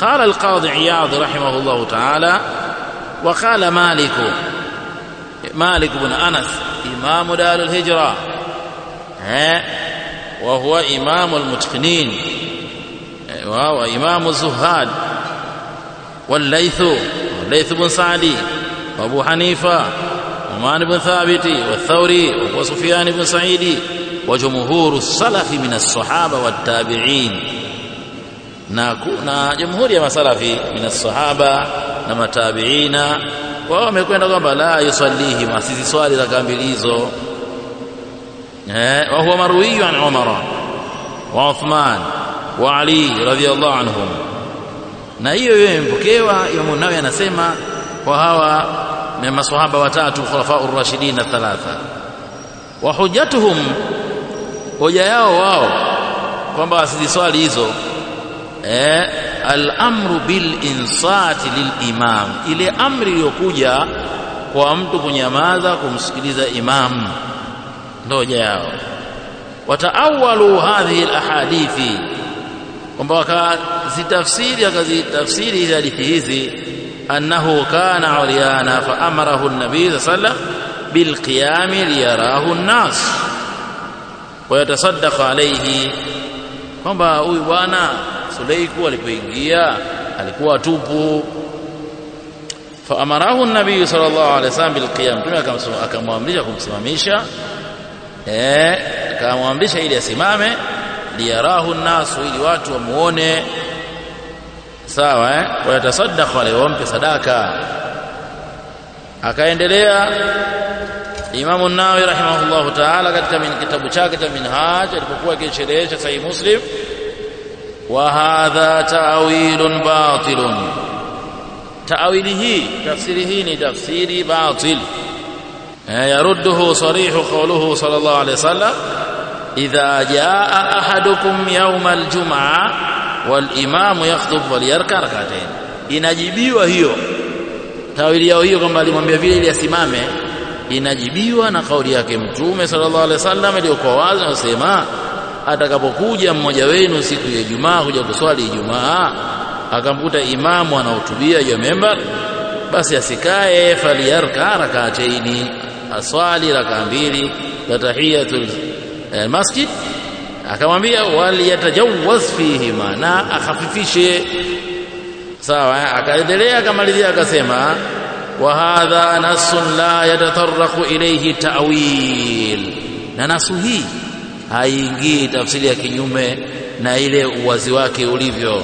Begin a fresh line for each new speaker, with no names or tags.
قال القاضي عياض رحمه الله تعالى وقال مالك مالك بن أنس إمام دار الهجرة وهو إمام المتقنين وهو إمام الزهاد والليث والليث بن سعدي وأبو حنيفة ومان بن ثابت والثوري وسفيان بن سعيد وجمهور السلف من الصحابة والتابعين na, na jamhuri ya masalafi min sahaba na matabiina wao wamekwenda kwamba la yusallihi masisi swali za kambilizo eh, wa huwa marwiyu an Umara wa Uthman wa Ali radhiallahu anhum, na hiyo hiyo imepokewa. Imamu Nawawi anasema kwa hawa ni maswahaba watatu khulafau rashidin thalatha, wa hujatuhum, hoja yao wao kwamba wasiziswali hizo eh, al-amru bil insati lil imam, ile amri iliyokuja kwa mtu kunyamaza kumsikiliza imam, ndo jao. Wataawalu hadhihi alahadithi, kwamba wakazitafsiri akazitafsiri hadithi hizi, annahu kana uryana faamarahu nabii nabi sallam bilqiyami liyarahu nnas wayatasaddaqa alaihi, kwamba huyu bwana Suleiku alipoingia alikuwa tupu. Faamarahu nabiyu sallallahu alaihi wasallam qiyam, tuna akamwamrisha kumsimamisha, eh, akamwamrisha ili asimame, liyarahu nnasu, ili watu wamuone, sawa eh, wayatasaddaqu alayhi, wampe sadaka. Akaendelea Imamu Nawawi rahimahullahu taala katika kitabu chake cha Minhaj alipokuwa akichelewesha Sahih Muslim وهذا تأويل باطل تأويله تفسيره لتفسير باطل آه، يرده صريح قوله صلى الله عليه وسلم إذا جاء أحدكم يوم الجمعة والإمام يخطب وليركع ركعتين إن أجيبيو هيو تأويلي هيو كما لم يفعل إلي أسمامه إن أجيبيو أنا قولي صلى الله عليه وسلم اللي أقوى وازن atakapokuja mmoja wenu siku ya Ijumaa kuja kuswali Ijumaa, akamkuta imamu anahutubia juu ya membar, basi asikae, faliyarka rakataini, aswali rakaa mbili za tahiyatul eh, masjid. Akamwambia waliyatajawaz fihima, na akhafifishe. Sawa, akaendelea akamalizia, akasema wa hadha nasun la yatataraqu ilayhi ta'wil, na nasu hii haiingii tafsiri ya kinyume na ile uwazi wake ulivyo.